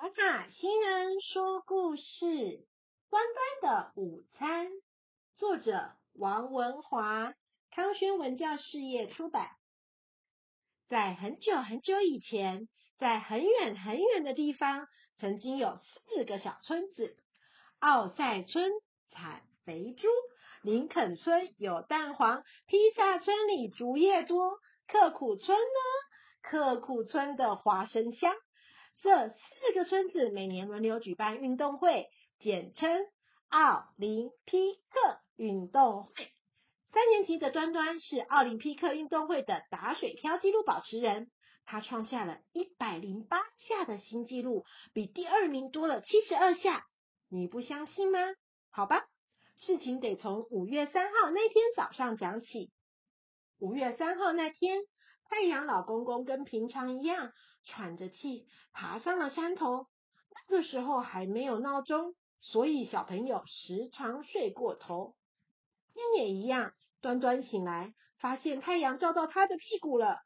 塔塔、啊、新人說故事：端端的午餐。作者：王文華，康軒文教事業出版。在很久很久以前，在很遠很遠的地方，曾經有四個小村子：奧賽村產肥豬，林肯村有蛋黃，披薩村裡竹葉多，刻苦村呢，刻苦村的花生香。這四個村子每年輪流舉辦運動會，簡稱奧林匹克運動會。三年級的端端是奧林匹克運動會的打水漂紀錄保持人，他創下了一百零八下的新紀錄，比第二名多了七十二下。你不相信嗎？好吧，事情得從五月三號那天早上講起。五月三號那天，太陽老公公跟平常一樣。喘着氣爬上了山頭。那個時候還沒有鬧鐘，所以小朋友時常睡過頭。天也一樣，端端醒來，發現太陽照到他的屁股了。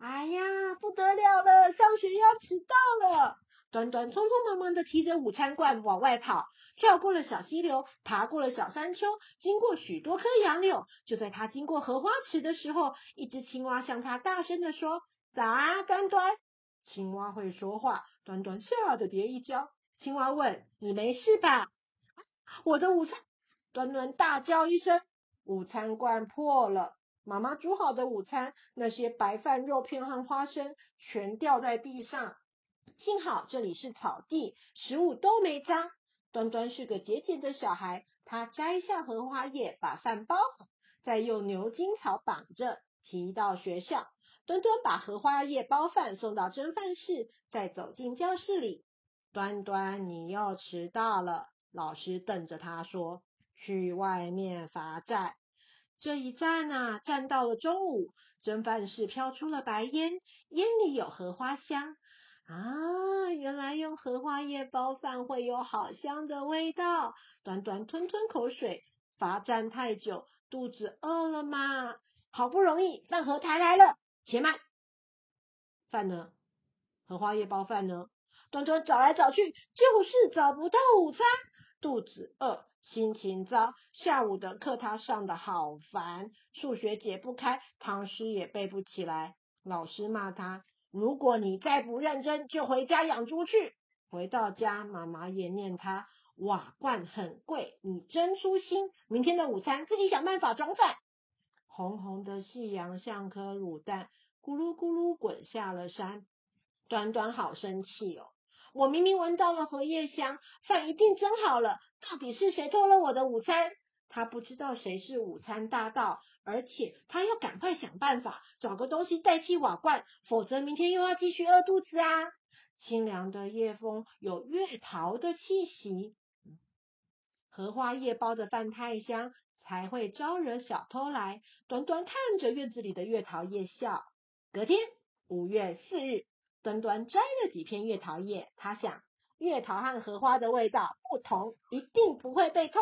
哎呀，不得了了，上學要遲到了！端端匆匆忙忙的提着午餐罐往外跑，跳過了小溪流，爬過了小山丘，經過許多棵楊柳。就在他經過荷花池的時候，一隻青蛙向他大聲的說：“早啊，端端！”青蛙會說話，端端嚇得跌一跤。青蛙問：“你沒事吧？”我的午餐，端端大叫一聲，午餐罐破了，媽媽煮好的午餐，那些白飯、肉片和花生全掉在地上。幸好這裡是草地，食物都沒髒。端端是個節儉的小孩，他摘下荷花葉，把飯包好，再用牛筋草綁着，提到學校。端端把荷花葉包飯送到蒸飯室，再走進教室裡。端端，你又遲到了，老師瞪着他說：“去外面罰站。”這一站啊，站到了中午，蒸飯室飄出了白煙，煙裡有荷花香。啊，原來用荷花葉包飯會有好香的味道。端端吞吞口水，罰站太久，肚子餓了嘛。好不容易，飯盒抬來了。且慢，飯呢？荷花葉包飯呢？端端找來找去，就是找不到午餐。肚子餓，心情糟。下午的課他上得好煩，數學解不開，唐詩也背不起來。老師罵他：“如果你再不認真，就回家養豬去。”回到家，媽媽也念他：“瓦罐很貴，你真粗心。明天的午餐自己想辦法裝飯。”紅紅的夕陽像顆滷蛋。咕嚕咕嚕滾下了山，端端好生氣哦！我明明聞到了荷葉香，飯一定蒸好了。到底是誰偷了我的午餐？他不知道誰是午餐大盜，而且他要趕快想辦法，找個東西代替瓦罐，否則明天又要繼續餓肚子啊！清涼的夜風有月桃的氣息，荷花葉包的飯太香，才會招惹小偷來。端端看着院子裡的月桃葉笑。隔天五月四日，端端摘了幾片月桃葉，他想，月桃和荷花的味道不同，一定不會被偷。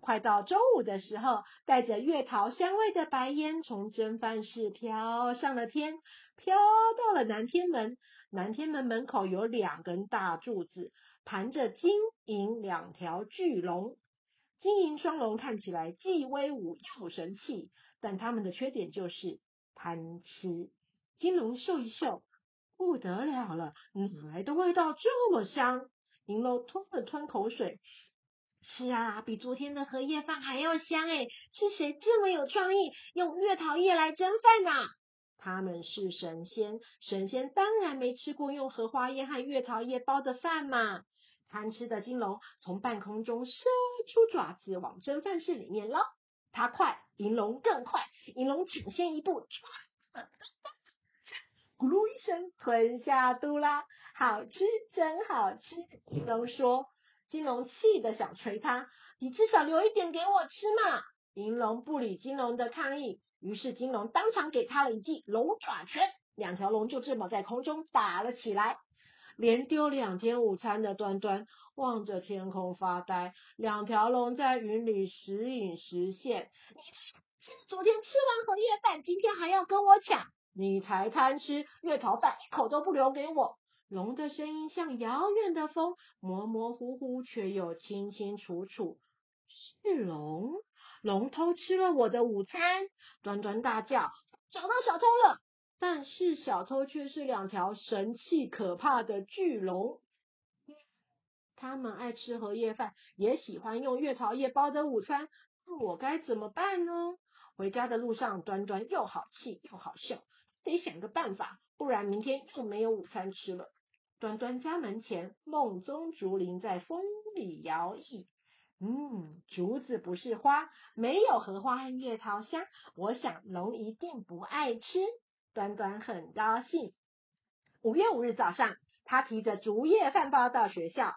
快到中午的時候，帶着月桃香味的白煙從蒸飯室飄上了天，飄到了南天門。南天門門口有兩根大柱子，盤着金銀兩條巨龍。金銀雙龍看起來既威武又神氣，但它們的缺點就是。貪吃金龍嗅一嗅，不得了了，哪來的味道這麼香？銀龍吞了吞口水，是啊，比昨天的荷葉飯還要香欸！是誰這麼有創意，用月桃葉來蒸飯呢？他們是神仙，神仙當然沒吃過用荷花葉和月桃葉包的飯嘛！貪吃的金龍從半空中伸出爪子，往蒸飯室裡面撈，他快！銀龍更快，銀龍搶先一步，咕嚕一聲吞下肚啦，好吃真好吃。銀龍說，金龍氣得想捶他，你至少留一點給我吃嘛。銀龍不理金龍的抗議，於是金龍當場給他了一記龍爪拳，兩條龍就這麼在空中打了起來。連丟兩天午餐的端端望着天空發呆，兩條龍在雲裡時隱時現。你昨天吃完荷葉飯，今天還要跟我搶？你才貪吃，月桃飯一口都不留給我。龍的聲音像遙遠的風，模模糊糊卻又清清楚楚。是龍！龍偷吃了我的午餐！端端大叫，找到小偷了！但是小偷卻是兩條神氣可怕的巨龍。嗯，他們愛吃荷葉飯，也喜歡用月桃葉包的午餐。那我該怎麼辦呢？回家的路上，端端又好氣又好笑，得想個辦法，不然明天就沒有午餐吃了。端端家門前，孟宗竹林在風裡搖曳。嗯，竹子不是花，沒有荷花和月桃香，我想龍一定不愛吃。端端很高興。五月五日早上，他提着竹葉飯包到學校，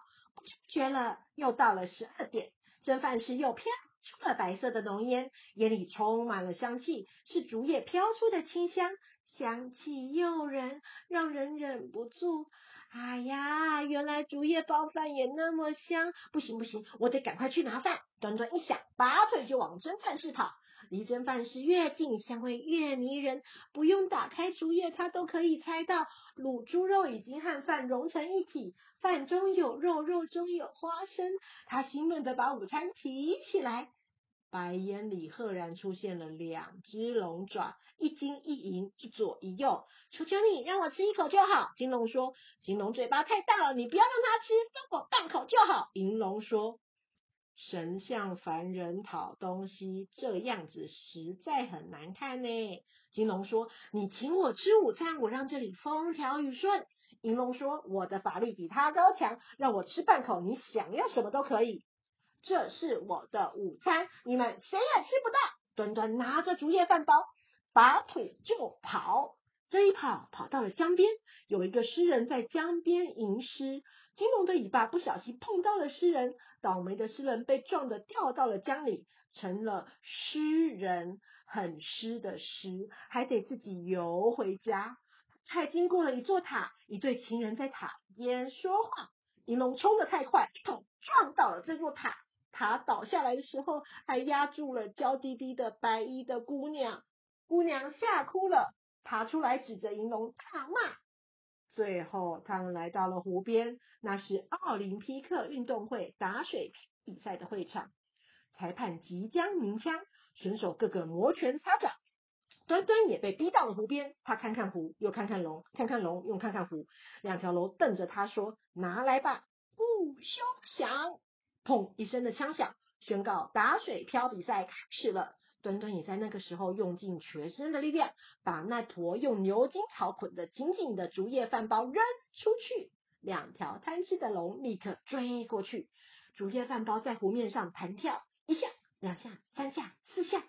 學了又到了十二點，蒸飯時又飄出了白色的濃煙，煙裡充滿了香氣，是竹葉飄出的清香，香氣誘人，讓人忍不住。哎呀，原來竹葉包飯也那麼香！不行不行，我得趕快去拿飯。端端一想，拔腿就往蒸飯室跑。離蒸飯是越近，香味越迷人。不用打開竹葉，他都可以猜到滷豬肉已經和飯融成一體，飯中有肉，肉中有花生。他興奮的把午餐提起來，白煙裡赫然出現了兩隻龍爪，一金一銀，一左一右。求求你，讓我吃一口就好。金龍說。“金龍嘴巴太大了，你不要讓它吃，讓我半口就好。”銀龍說。神向凡人討東西，這樣子實在很難看呢。金龍說：“你請我吃午餐，我讓這裡風調雨順。”銀龍說：“我的法力比他高強，讓我吃半口，你想要什麼都可以。”這是我的午餐，你們誰也吃不到。端端拿着竹葉飯包，拔腿就跑。這一跑，跑到了江邊，有一個詩人在江邊吟詩。金龍的尾巴不小心碰到了詩人。倒霉的詩人被撞得掉到了江裡，成了詩人很濕的濕，還得自己游回家。還經過了一座塔，一對情人在塔邊說話。銀龍衝得太快，一頭撞倒了這座塔。塔倒下來的時候，還壓住了嬌滴滴的白衣的姑娘，姑娘嚇哭了，爬出來指着銀龍大罵。最後，他們來到了湖邊，那是奧林匹克運動會打水漂比賽的會場。裁判即將鳴槍，選手個個摩拳擦掌。端端也被逼到了湖邊，他看看湖，又看看龍，看看龍，又看看湖。兩條龍瞪着他說：“拿來吧，不休想！”砰一聲的槍響，宣告打水漂比賽開始了。端端也在那個時候用盡全身的力量，把那坨用牛筋草捆得緊緊的竹葉飯包扔出去。兩條貪吃的龍立刻追過去。竹葉飯包在湖面上彈跳，一下、兩下、三下、四下。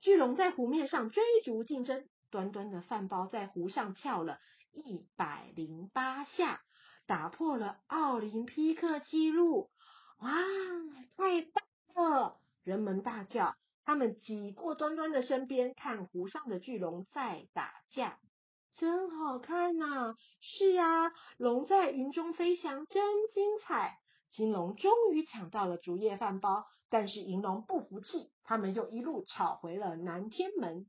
巨龍在湖面上追逐競爭，端端的飯包在湖上跳了一百零八下，打破了奧林匹克紀錄！哇，太棒了！人們大叫。他們擠過端端的身邊，看湖上的巨龍在打架，真好看吶、啊！是啊，龍在雲中飛翔，真精彩。金龍終於搶到了竹葉飯包，但是銀龍不服氣，他們又一路吵回了南天門。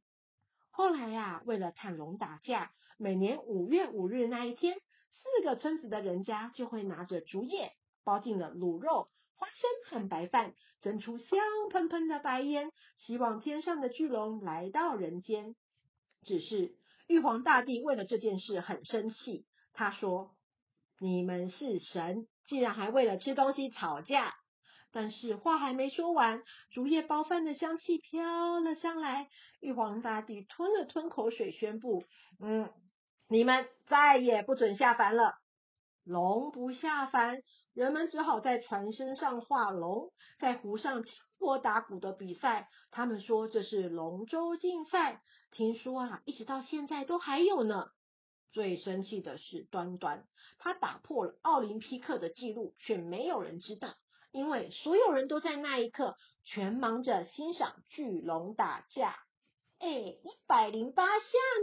後來呀、啊，為了看龍打架，每年五月五日那一天，四個村子的人家就會拿着竹葉包進了滷肉。花生和白飯蒸出香噴噴的白煙，希望天上的巨龍來到人間。只是玉皇大帝為了這件事很生氣，他說：“你們是神，竟然還為了吃東西吵架。”但是話還沒說完，竹葉包飯的香氣飄了上來。玉皇大帝吞了吞口水，宣布：“嗯，你們再也不准下凡了，龍不下凡。”人們只好在船身上畫龍，在湖上敲鑼打鼓的比賽。他們說這是龍舟競賽。聽說啊，一直到現在都還有呢。最生氣的是端端，他打破了奧林匹克的記錄，卻沒有人知道，因為所有人都在那一刻全忙着欣賞巨龍打架。哎，一百零八下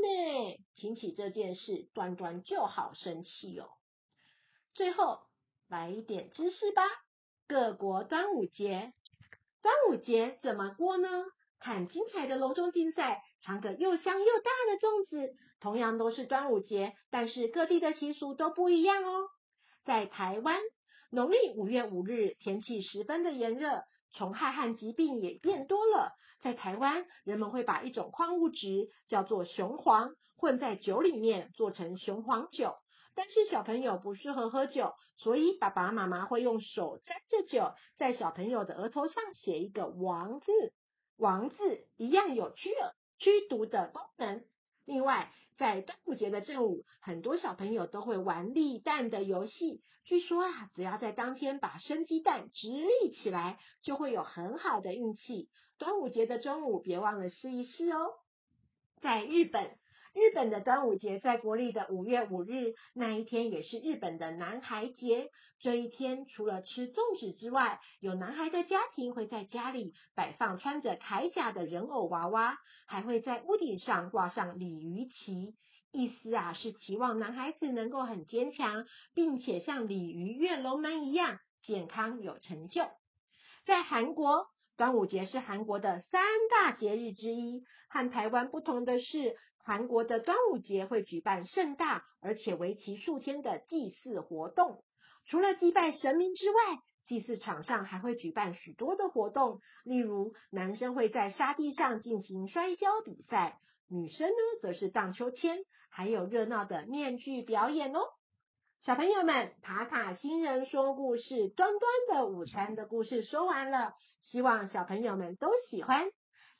呢！提起這件事，端端就好生氣哦。最後。來一點知識吧。各國端午節，端午節怎麼過呢？看精彩的龍舟競賽，嘗個又香又大的粽子。同樣都是端午節，但是各地的習俗都不一樣哦。在台灣，農曆五月五日，天氣十分的炎熱，蟲害和疾病也變多了。在台灣，人們會把一種礦物質叫做雄黃，混在酒裡面，做成雄黃酒。但是小朋友不適合喝酒，所以爸爸媽媽會用手沾着酒，在小朋友的額頭上寫一個王字，王字一樣有驅。呃、驅毒的功能。另外，在端午節的正午，很多小朋友都會玩立蛋的遊戲。據說啊，只要在當天把生雞蛋直立起來，就會有很好的運氣。端午節的中午，別忘了試一試哦。在日本。日本的端午節在國曆的五月五日那一天，也是日本的男孩節。這一天除了吃粽子之外，有男孩的家庭會在家裡擺放穿着鎧甲的人偶娃娃，還會在屋頂上掛上鯉魚旗，意思啊是期望男孩子能夠很堅強，並且像鯉魚躍龍門一樣健康有成就。在韓國，端午節是韓國的三大節日之一，和台灣不同的是。韓國的端午節會舉辦盛大而且為期數天的祭祀活動。除了祭拜神明之外，祭祀場上還會舉辦許多的活動，例如男生會在沙地上進行摔跤比賽，女生呢則是盪秋千，還有熱鬧的面具表演哦。小朋友們，塔塔星人說故事端端的午餐的故事說完了，希望小朋友們都喜歡。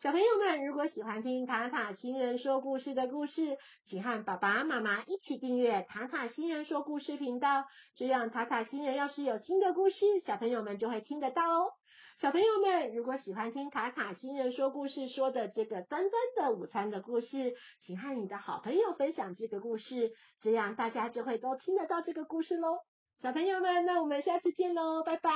小朋友們，如果喜歡聽卡卡星人說故事的故事，請和爸爸媽媽一起訂閱卡卡星人說故事頻道。這樣，卡卡星人要是有新的故事，小朋友們就會聽得到哦。小朋友們，如果喜歡聽卡卡星人說故事說的這個端端的午餐的故事，請和你的好朋友分享這個故事，這樣大家就會都聽得到這個故事嘍。小朋友們，那我們下次見嘍，拜拜。